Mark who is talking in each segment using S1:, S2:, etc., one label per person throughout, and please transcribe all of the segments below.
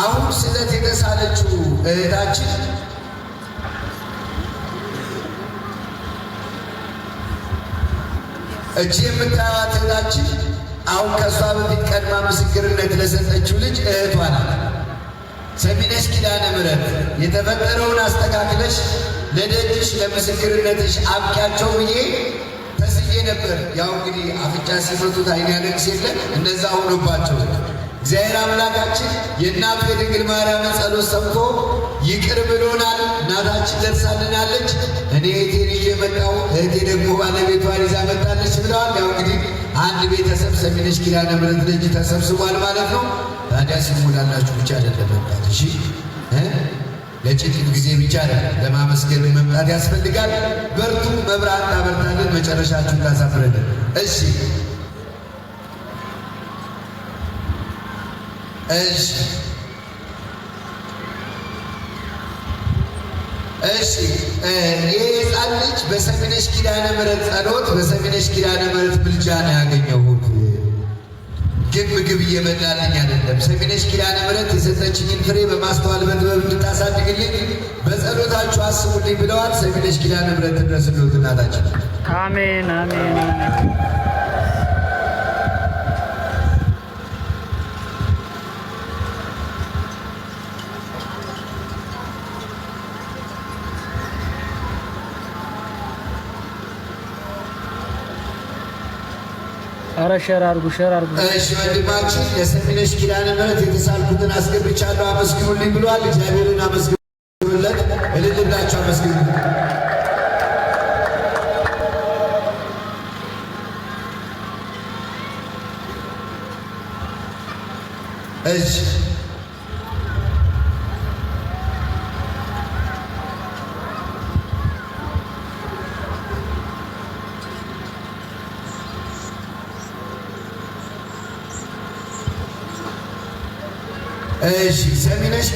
S1: አሁን ስለት የተሳለችው እህታችን እቺ የምታያት እህታችን አሁን ከእሷ በፊት ቀድማ ምስክርነት ለሰጠችው ልጅ እህቷ ናት። ሰሚነሽ ኪዳነ ምሕረት የተፈጠረውን አስተካክለሽ ለደጅሽ ለምስክርነትሽ አብቂያቸው ብዬ ተስዬ ነበር። ያው እንግዲህ አፍጫ ሲፈቱት አይን ያለቅስ የለ እንደዛ ሆኖባቸው እግዚአብሔር አምላካችን የእናቱ የድንግል ማርያም ጸሎት ሰምቶ ይቅር ብሎናል። እናታችን ደርሳልናለች። እኔ እህቴን ይዤ እህቴ ደግሞ ባለቤቷ ይዛ መጣለች ብለዋል። ያው እንግዲህ አንድ ቤተሰብ ሰሚነች ኪዳነ ምሕረት ልጅ ተሰብስቧል ማለት ነው። ታዲያ ስሙላላችሁ ብቻ አይደለም መምጣት። እሺ ለጭቂት ጊዜ ብቻ ለማመስገን መምጣት ያስፈልጋል። በርቱ፣ መብራት ታበርታለን፣ መጨረሻችሁን ታሳፍረልን። እሺ እሺ እሺ የህፃን ልጅ በሰሚነሽ ኪዳነ ምሕረት ጸሎት በሰሚነሽ ኪዳነ ምሕረት ብልጃ ነው ያገኘሁት። ግን ምግብ እየበላልኝ አይደለም። ሰሚነሽ ኪዳነ ምሕረት የሰጠችኝን ፍሬ በማስተዋል በጥበብ እንድታሳድግልኝ በጸሎታችሁ አስቡልኝ ብለዋል። ሰሚነሽ ኪዳነ ምሕረት ትድረስልዎት እናታችን።
S2: አሜን አሜን። አረ ሸር አርጉ፣ ሸር አርጉ።
S1: እሺ ወንድማችን የሰሚነሽ ኪዳነ ምህረት የተሳልኩትን አስገብቻለሁ አመስግኑልኝ ብሏል። እግዚአብሔርን አመስግኑ።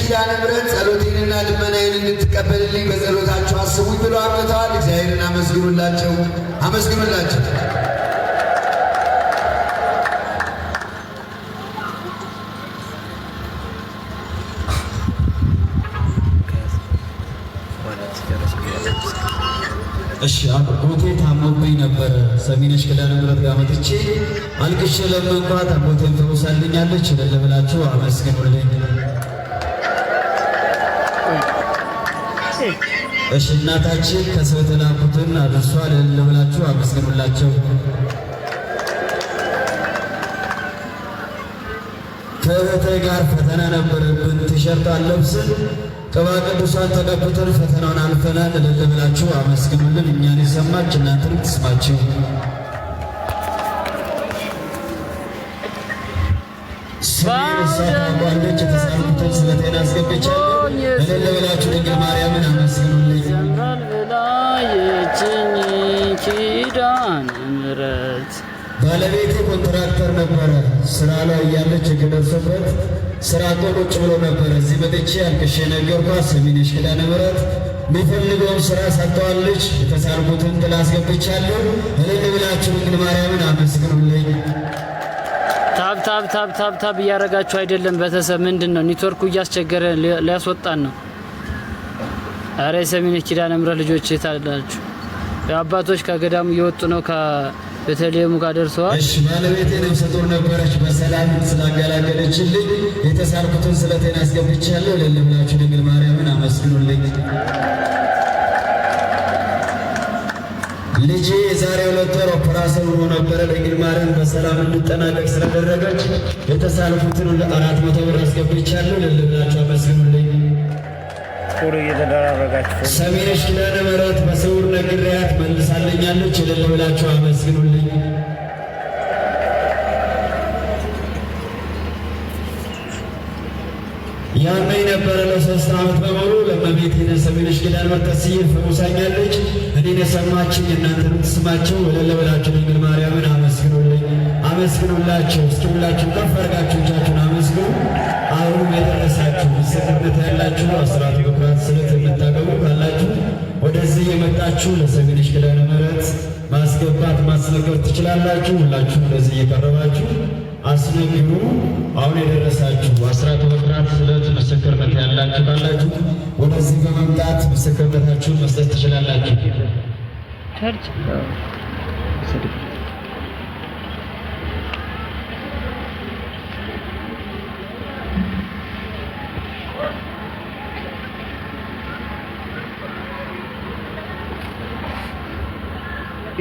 S1: ኪዳነ ምሕረት ጸሎቴንና ልመናዬን እንድትቀበልልኝ በጸሎታቸው አስቡኝ ብሎ አምጥተዋል። እግዚአብሔርን አመስግኑላቸው፣ አመስግኑላቸው። እሺ አጎቴ ታሞብኝ ነበር። ሰሚነሽ ኪዳነ ምሕረት ጋር መጥቼ አልቅሼ ለመንኳት አጎቴን ትውሳልኛለች። ለለብላችሁ አመስግኑልኝ። እሺ እናታችን ከሰው የተላኩትን አድርሷ እልል አመስግኑላቸው። ከእህቴ ጋር ፈተና ነበረብን። ቲሸርት አለብስን ቅባ ቅዱሳን ተቀብተን ፈተናውን አልፈናል። ልልብላችሁ አመስግኑልን። እኛን የሰማች እናንተን ትስማችሁ። ስሜ እሳት አቋንዶች የተሳሉትን አስገብቻለሁ። ትንከራተር ነበረ። ስራ ላይ እያለች እግደርሰበት ስራ ቆን ቁጭ ብሎ ነበረ። እዚህ መጥቼ አልቅሼ ነገርኳት። ሰሚነሽ ኪዳነ ምሕረት የሚፈልገውን ስራ ሰጥተዋለች። የተሳልኩትን ጥላ አስገብቻለሁ። እልል ብላችሁ ድንግል ማርያምን አመስግኑልኝ።
S2: ታብ ታብ ታብ ታብ ታብ እያደረጋችሁ አይደለም ቤተሰብ። ምንድን ነው ኔትወርኩ እያስቸገረ ሊያስወጣን ነው። አረ የሰሚነሽ ኪዳነ ምሕረት ልጆች የታላችሁ አባቶች ከገዳሙ እየወጡ ነው። በተለይም ጋር ደርሰዋል።
S1: እሺ ባለቤቴ ነፍሰ ጡር ነበረች። በሰላም ስላገላገለችልኝ የተሳልኩትን ስለቴን አስገብቻለሁ። ለለምናችሁ ድንግል ማርያምን አመስግኑልኝ። ልጄ የዛሬ ሁለት ወር ኦፕራሰን ሆኖ ነበረ። ድንግል ማርያም በሰላም እንድጠናቀቅ ስለደረገች የተሳልኩትን አራት መቶ ብር አስገብቻለሁ። ለለምላችሁ አመስግኑልኝ።
S2: ዲያስፖራ እየተደራረጋችሁ
S1: ሰሚነሽ ኪዳነ ምሕረት በስውር ነግሬያት መልሳለኛለች። እልል ብላችሁ አመስግኑልኝ። ያኔ ነበረ ለሶስት ዓመት በሙሉ ለመቤቴን ሰሚነሽ ኪዳነ ምሕረት ተስዬ ፈውሳኛለች። እኔን የሰማችን የእናንተንም ትስማቸው። እልል ብላችሁ ድንግል ማርያምን አመስግኑልኝ። አመስግኑላቸው እስኪ ሁላችሁ ከፍ አድርጋችሁ እጃችሁን አመስግኑ። አሁንም የደረሳችሁ ምስክርነት ያላችሁ አስራት ስዕለት የምታገቡ ካላችሁ ወደዚህ የመጣችሁ ለሰሚነሽ ኪዳነ ምሕረት ማስገባት ማስነገር ትችላላችሁ። ሁላችሁ ወደዚህ እየቀረባችሁ አስነግሩ። አሁን የደረሳችሁ አስራት ወቅራት ስዕለት ምስክርነት ያላችሁ ካላችሁ ወደዚህ በመምጣት ምስክርነታችሁን መስጠት ትችላላችሁ። ቸርች ሰድፍ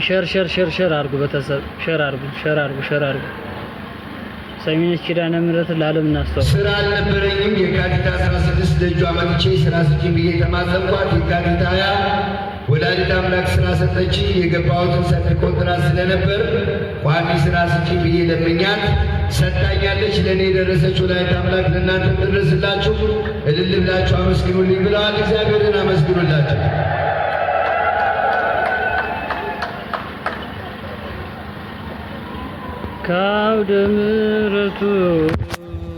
S2: ሸር ሸር ሸር ሸር አርጉ፣ በተሰብ ሸር አርጉ፣ ሸር አርጉ፣ ሸር አርጉ። ሰሚነሽ ኪዳነ ምህረት ለዓለም እናስተዋል።
S1: ስራ አልነበረኝም። የካቲት 16 ደጇ መጥቼ ስራ ስጪኝ ብዬ ተማጸንኳት። የካቲት 20 ወላዲት አምላክ ስራ ሰጠች የገባሁትን ሰፊ ኮንትራት ስለነበር ቋሚ ስራ ስጪኝ ብዬ ለምኛት ሰጣኛለች። ለእኔ የደረሰች ወላዲት አምላክ ለእናንተ ትደርስላችሁ። እልል ብላችሁ አመስግኑልኝ ብለዋል። እግዚአብሔርን አመስግኑላችሁ። ከአውደ ምሕረቱ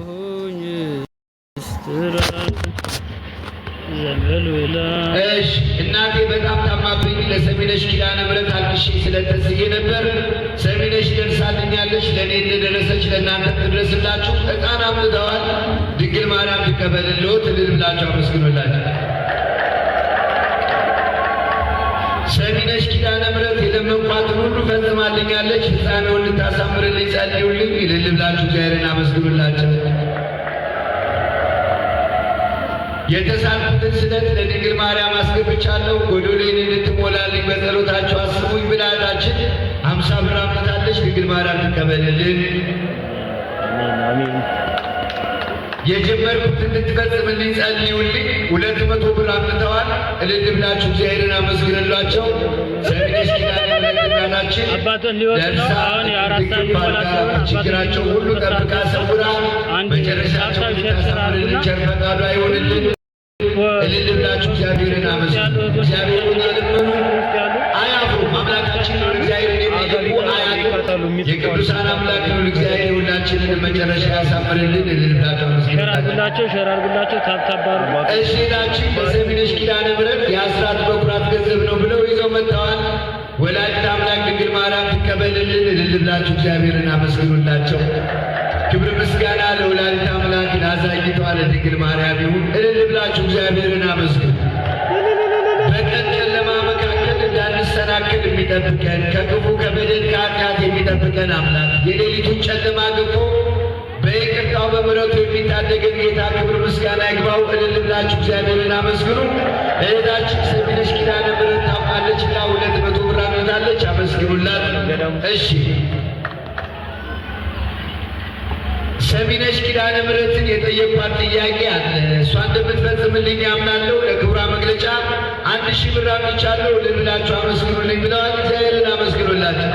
S1: ሆኜ ስትራት ዘመል ወላ እሽ እናቴ በጣም ታማብኝ። ለሰሚነሽ ኪዳነ ምሕረት አልቅሼ ስለተስዬ ነበር። ሰሚነሽ ደርሳልኛለች። ለእኔ እንደደረሰች ለእናንተ ትድረስላችሁ። እጣን አምልተዋል! ድንግል ማርያም ትቀበልልዎ ትልል ብላችሁ አመስግኖላችሁ መግባትን ሁሉ ፈጽማልኛለች። ሕፃኔውን ልታሳምርልኝ ጸልዩልኝ። እልል ብላችሁ እግዚአብሔርን አመስግኑላቸው። የተሳልኩትን ስለት ለድንግል ማርያም አስገብቻለሁ። ጎዶሎዬን እንድትሞላልኝ በጸሎታችሁ አስቡኝ ብላላችን አምሳ ብር አምጥታለች። ድንግል ማርያም ትቀበልልን። የጀመርኩት እንድትፈጽምልኝ ጸልዩልኝ። ሁለት መቶ ብር አምጥተዋል። እልል ብላችሁ እግዚአብሔርን አመስግኑላቸው።
S2: መዳናችን አሁን
S1: ችግራቸው ሁሉ ጠብቃ ሰውራ መጨረሻቸው ቸር ፈቃዱ አይሆንልን። እልል ብላችሁ እግዚአብሔርን አመስግኑ። እግዚአብሔርን አልመኑ አያፍሩም። አምላካችን እግዚአብሔርን የሚገቡ አያፍሩም። የቅዱሳን አምላክ ነው እግዚአብሔር ሁላችንን መጨረሻ ያሳምርልን። እልል ብላችሁ አመስግኑ። ሸራርጉላቸው
S2: ሸራርጉላቸው ታብታባሩ
S1: እሺ ናችን በሰሚነሽ ኪዳነ ምሕረት የአስራት በኩራት ገንዘብ ነው ብለው ይበልልን። እልል ብላችሁ እግዚአብሔርን አመስግኑላቸው። ክብር ምስጋና ለወላዲተ አምላክ ላዛኝቷ ለድንግል ማርያም ይሁን። እልል ብላችሁ እግዚአብሔርን አመስግኑ። በቀን ጨለማ መካከል እንዳንሰናክል የሚጠብቀን ከክፉ ከበደል ከኃጢአት የሚጠብቀን አምላክ የሌሊቱን ጨለማ ገፎ በይቅርታው በምሕረቱ የሚታደገን ጌታ ክብር ምስጋና ይግባው። እልል ብላችሁ እግዚአብሔርን አመስግኑ። እህታችን ሰሚነሽ ኪዳነ ምሕረት ታውቃለ እሺ ሰሚነሽ ኪዳነ ምሕረትን የጠየኳት ጥያቄ አለ። እሷ እንደምትፈጽምልኝ አምናለሁ። ለክብሯ መግለጫ አንድ ሺህ ብር አምጥቻለሁ። ልንላችሁ አመስግኑልኝ ብለዋል። እግዚአብሔርን አመስግኑላቸው።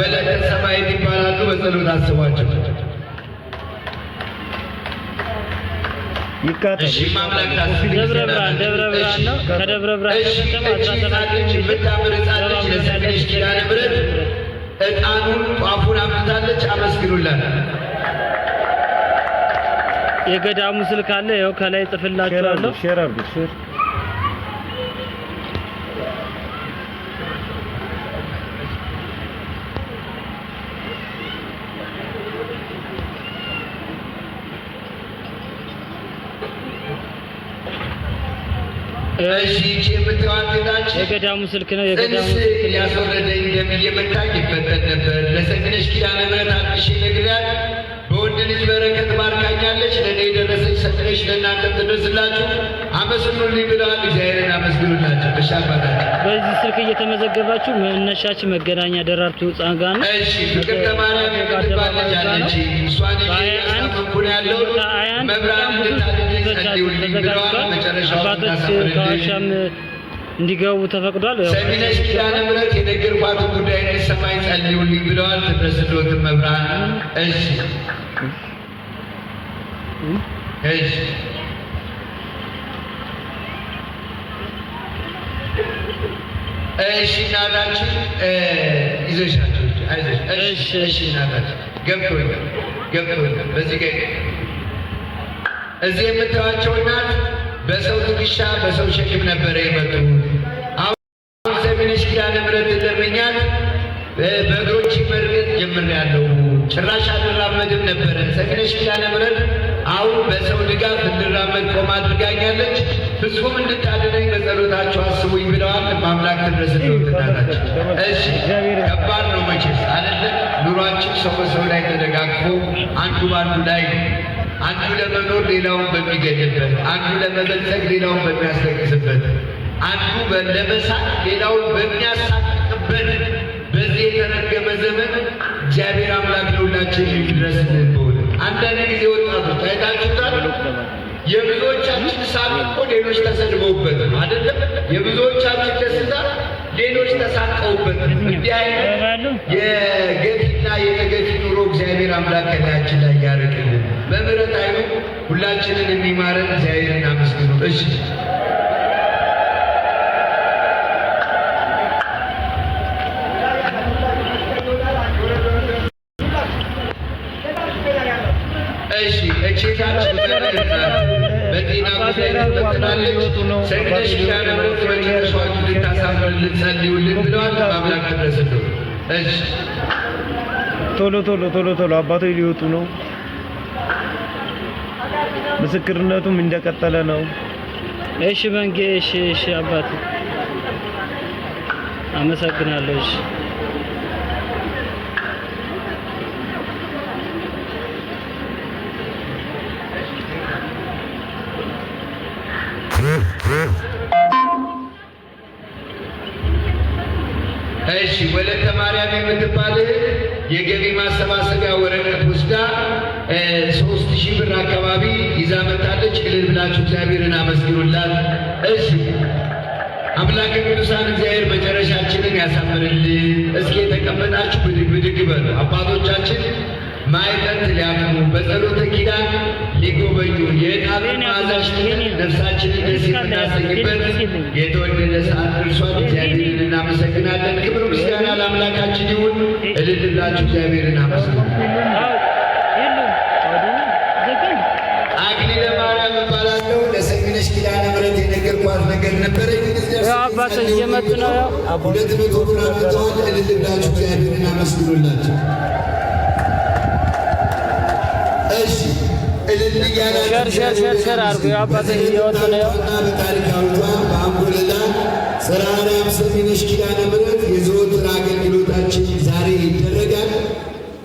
S1: ወለተ ሰማይ ይባላሉ። በጸሎት አስቧቸው።
S2: ይቃጠል። ደብረ ብርሃን ደብረ ብርሃን ነው።
S1: ከደብረ ከተማ እጣኑን ጧፉን አምጥታለች። አመስግኑላት።
S2: የገዳሙ ስልክ አለ። ይኸው ከላይ ጽፍላችኋለሁ። የገዳሙ ስልክ ነው። የገዳሙ ስልክ
S1: ያስወረደኝ እንደሚል የመታኝ ይፈተን ነበር። ለሰግነሽ ኪዳነ ምሕረት አልቅሼ ነግሪያት በወንድ ልጅ በረከት ባርካኛለች። ለእኔ የደረሰች ሰጥነሽ ለእናንተ ትደርስላችሁ። አመስግኑልኝ ብለዋል። እግዚአብሔርን አመስግኑላቸው። እሺ አባታቸው፣
S2: በዚህ ስልክ እየተመዘገባችሁ መነሻች መገናኛ ደራርቱ ጸጋ ነው።
S1: እሺ ፍቅር ተማርያም የምትባል ልጅ አለች። እሷን ያሳመንኩን ያለው መብራት ልታለ ተዘጋጅቷል። አባቶች ከዋሻም
S2: እንዲገቡ ተፈቅዷል።
S1: ሰሚነሽ ኪዳነ ምሕረት የነገርኳትን ጉዳይ ላይ ሰማይ ጸልዩልኝ ብለዋል። ተደስሎት መብርሃን እሺ፣ እሺ እሺ እናታችን ይዘሻቸው፣ አይዞሽ። እሺ እሺ እናታችን ገብቶኛል፣ ገብቶኛል። በዚህ ጋር እዚህ የምታዩአቸው እናት በሰው ትከሻ በሰው ሸክም ነበረ የመጡ። አሁን ሰሚነሽ ኪዳነ ምሕረት ለመኛት በእግሮች መርገጥ ጀምሬያለሁ። ጭራሽ አልራመድም ነበረ። ሰሚነሽ ኪዳነ ምሕረት አሁን በሰው ድጋፍ እንድራመድ ቆማ አድርጋኛለች። ፍጹም እንድታድነኝ በጸሎታቸው አስቡኝ ብለዋል። ማምላክ ትድረስ እንደወትናታቸው። እሺ ከባድ ነው መቼስ አለለ ኑሯችን ሰው በሰው ላይ ተደጋግፎ አንዱ ባንዱ ላይ አንዱ ለመኖር ሌላውን በሚገድበት፣ አንዱ ለመበልጸግ ሌላውን በሚያስለቅስበት፣ አንዱ ለመሳቅ ሌላውን በሚያሳቅቅበት በዚህ የተረገመ ዘመን እግዚአብሔር አምላክ ለሁላችን ይድረስ። አንዳንድ ጊዜ ወጣቶች ታይታችሁታል የብዙዎቻችን ሳቅ እኮ ሌሎች ተሰድበውበት ነው አይደለም? የብዙዎቻችን ደስታ ሌሎች ተሳቀውበት። እንዲህ አይነት የገፊና የተገፊ ኑሮ እግዚአብሔር አምላክ ከላያችን ላይ ያርቅልን። በምሕረት አይኑ ሁላችንን የሚማረን እግዚአብሔር እናመስግኑ። እሺ
S2: ቶሎ ቶሎ ቶሎ ቶሎ አባቶች ሊወጡ ነው። ምስክርነቱም እንደቀጠለ ነው። እሺ በንጌ እሺ፣ እሺ አባቴ አመሰግናለሁ። እሺ
S1: እሺ ወለተ ማርያም የምትባል የገቢ ማሰባሰቢያ ወረቀት ውስዳ ሶስት ሺህ ብር አካባቢ ይዛ መጣለች። እልል ብላችሁ እግዚአብሔርን አመስግኑላት። እሺ አምላክ ቅዱሳን እግዚአብሔር መጨረሻችንን ያሳምርልን። እስኪ የተቀመጣችሁ ብድግ ብድግ በሉ። አባቶቻችን ማዕጠንት ሊያቅሙ በጸሎተ ኪዳን ሊጎበኙ የዕጣኑን መዓዛ ነፍሳችንን ደስ የምናሰኝበት የተወደደ ሰዓት ደርሷል። እግዚአብሔርን እናመሰግናለን። ክብር ምስጋና ለአምላካችን ይሁን። እልል ብላችሁ እግዚአብሔርን አመስግኑ። እባላለሁ። ለሰሚነሽ ኪዳነ ምሕረት የነገርኳት ነገር ነበረኝ።
S2: አባት እየመጡ ነው።
S1: ሁለት መቶ ብራቶች እልል ብላችሁ እግዚአብሔርን አመስግኑላቸው። እሺ እልል
S2: ሸርሸርሸርሸር አድርጉ። አባት እየወጡ ነው።
S1: በታሪካዊቷ በአንጎለላ ጽራርያም ሰሚነሽ ኪዳነ ምሕረት የዘወትር አገልግሎታችን ዛሬ ይደረጋል።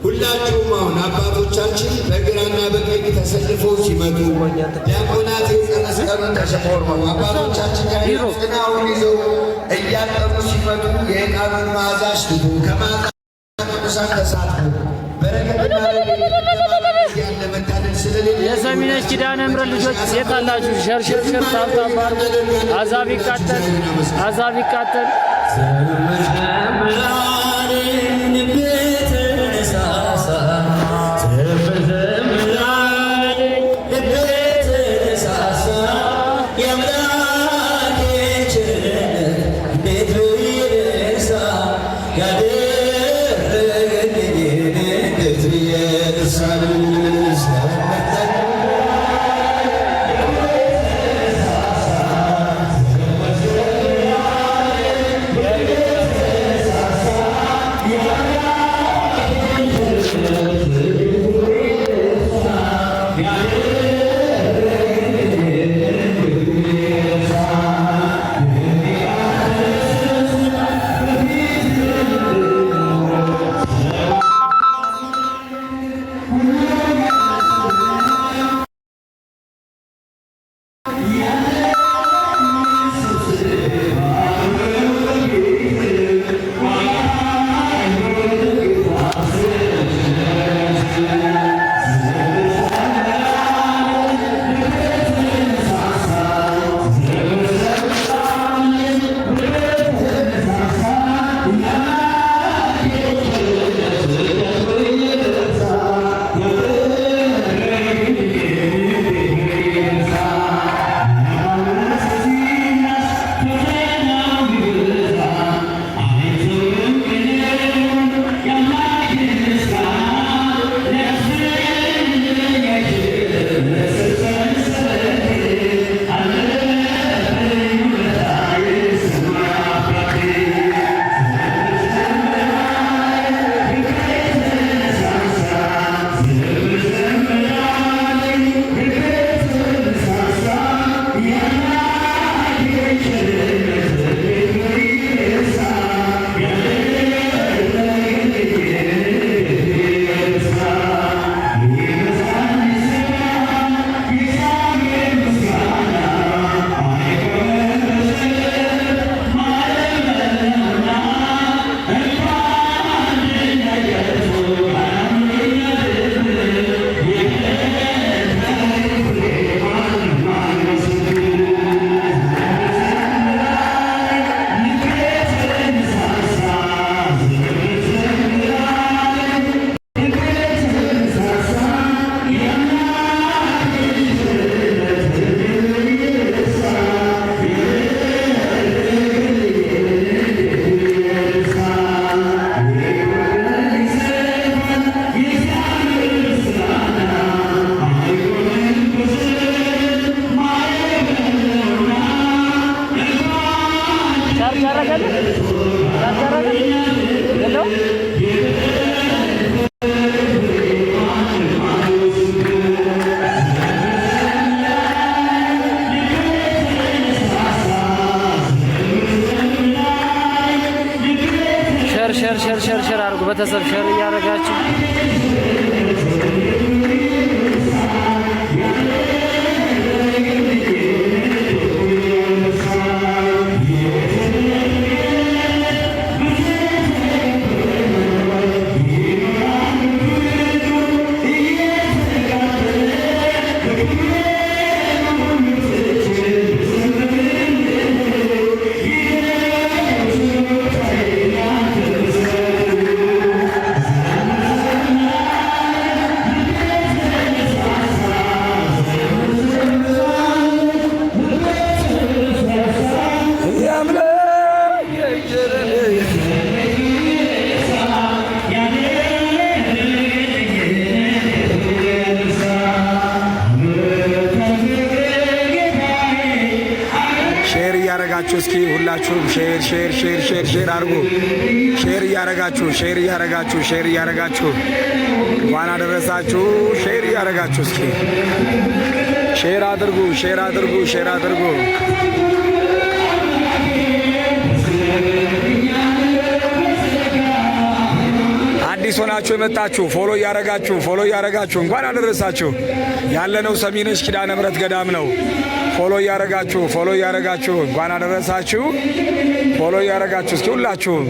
S1: ሁላችሁም አሁን አባ አባቶቻችን በግራና በቀኝ ተሰልፈው ሲመጡ ዲያቆናት የጸመስቀሩን ተሸፈው አባቶቻችን ጽናውን ይዘው እያጠሩ ሲመጡ የዕጣኑን መዓዛ አሽትቶ ከማዕዛ ቅዱሳን ተሳትፎ በረከትና
S2: የሰሚነሽ ኪዳነ ምሕረት ልጆች የት አላችሁ? ሸርሸር ሸር ታብታባር አዛብ ይቃጠል፣ አዛብ ይቃጠል። እያረጋችሁ እስኪ ሁላችሁም ሼር ሼር ሼር ሼር ሼር አድርጉ። ሼር እያረጋችሁ ሼር እያረጋችሁ ሼር እያረጋችሁ እንኳን አደረሳችሁ። ሼር እያረጋችሁ እስኪ ሼር አድርጉ ሼር አድርጉ ሼር አድርጉ። አዲስ ሆናችሁ የመጣችሁ ፎሎ እያረጋችሁ ፎሎ እያረጋችሁ እንኳን አደረሳችሁ። ያለነው ሰሚነሽ ኪዳነ ምሕረት ገዳም ነው። ፎሎ እያረጋችሁ ፎሎ እያረጋችሁ እንኳን አደረሳችሁ። ፎሎ እያረጋችሁ እስኪ ሁላችሁም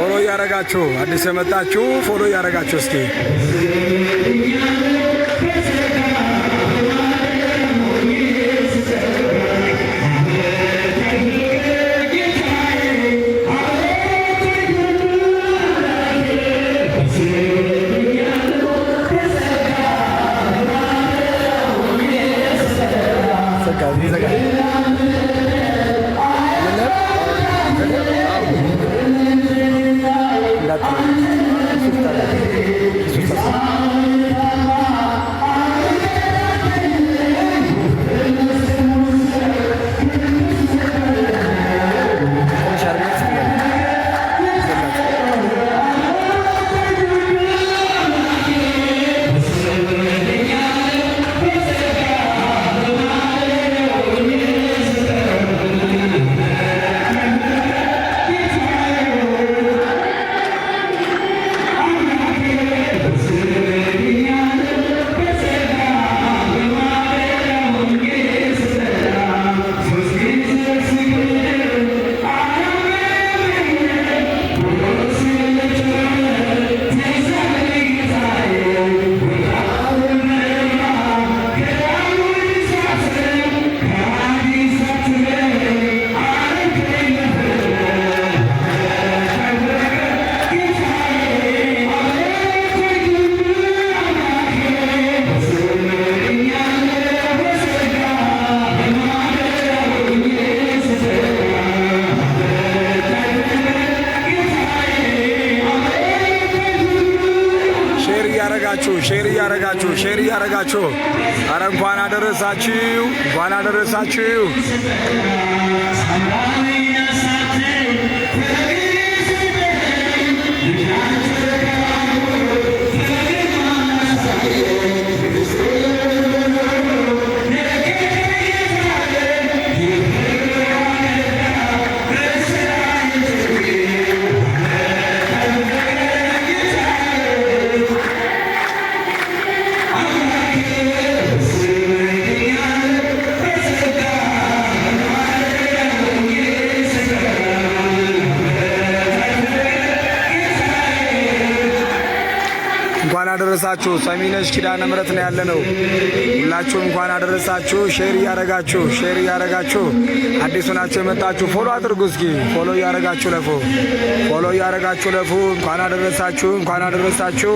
S2: ፎሎ እያረጋችሁ አዲስ የመጣችሁ ፎሎ እያረጋችሁ እስኪ አደረሳችሁ፣ እንኳን አደረሳችሁ። ይድረሳችሁ። ሰሚነሽ ኪዳነ ምሕረት ነው ያለ ነው። ሁላችሁ እንኳን አደረሳችሁ። ሼር እያረጋችሁ ሼር እያረጋችሁ አዲሱ ናቸው የመጣችሁ ፎሎ አድርጉ። እስኪ ፎሎ እያረጋችሁ ለፉ፣ ፎሎ እያረጋችሁ ለፉ። እንኳን አደረሳችሁ፣ እንኳን አደረሳችሁ።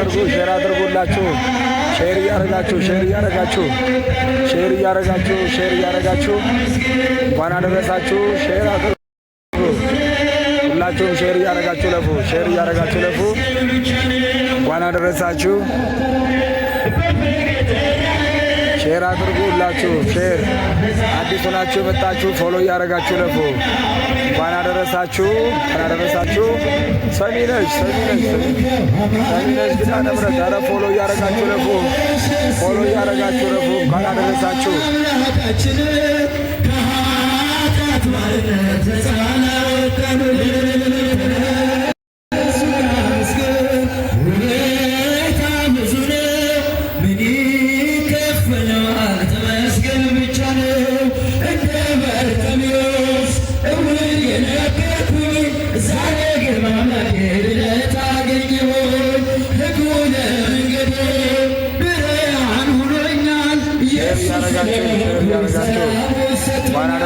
S2: አድርጉ፣ ሼር አድርጉላችሁ፣ ሼር እያረጋችሁ፣ ሼር እያረጋችሁ፣ ሼር እያረጋችሁ፣ ሼር እያረጋችሁ እንኳን አደረሳችሁ። ሼር አድርጉ፣ ሁላችሁም ሼር እያረጋችሁ ለፉ፣ ሼር እያረጋችሁ ለፉ። እንኳን አደረሳችሁ። ሼር አድርጉላችሁ። ሼር አዲስ ሆናችሁ የመጣችሁ ፎሎ እያደረጋችሁ ለፉ። እንኳን አደረሳችሁ፣ እንኳን አደረሳችሁ። ሰሚነች ሰሚነች ሰሚነች ግዳ ነብረት አረ ፎሎ እያደረጋችሁ ለፉ፣ ፎሎ እያደረጋችሁ ለፉ። እንኳን አደረሳችሁ። ኃጢአታችን ከኃጢአት ባርነት ነፃ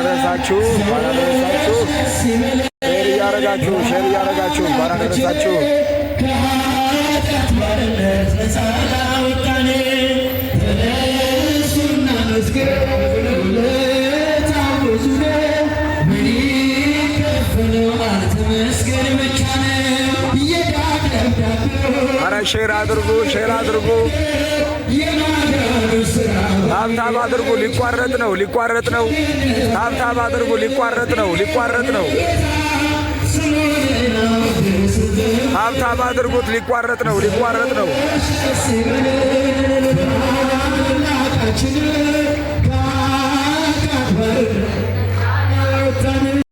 S2: ደረሳችሁ፣ እንኳን ደረሳችሁ። ሼር እያረጋችሁ ሼር እያረጋችሁ እንኳን ደረሳችሁ። ኧረ ሼር አድርጉ ሼር አድርጉ። ታብታብ አድርጉ። ሊቋረጥ ነው፣ ሊቋረጥ ነው። ታብታብ አድርጉ። ሊቋረጥ ነው፣ ሊቋረጥ ነው። ታብታብ አድርጉት። ሊቋረጥ ነው፣ ሊቋረጥ ነው።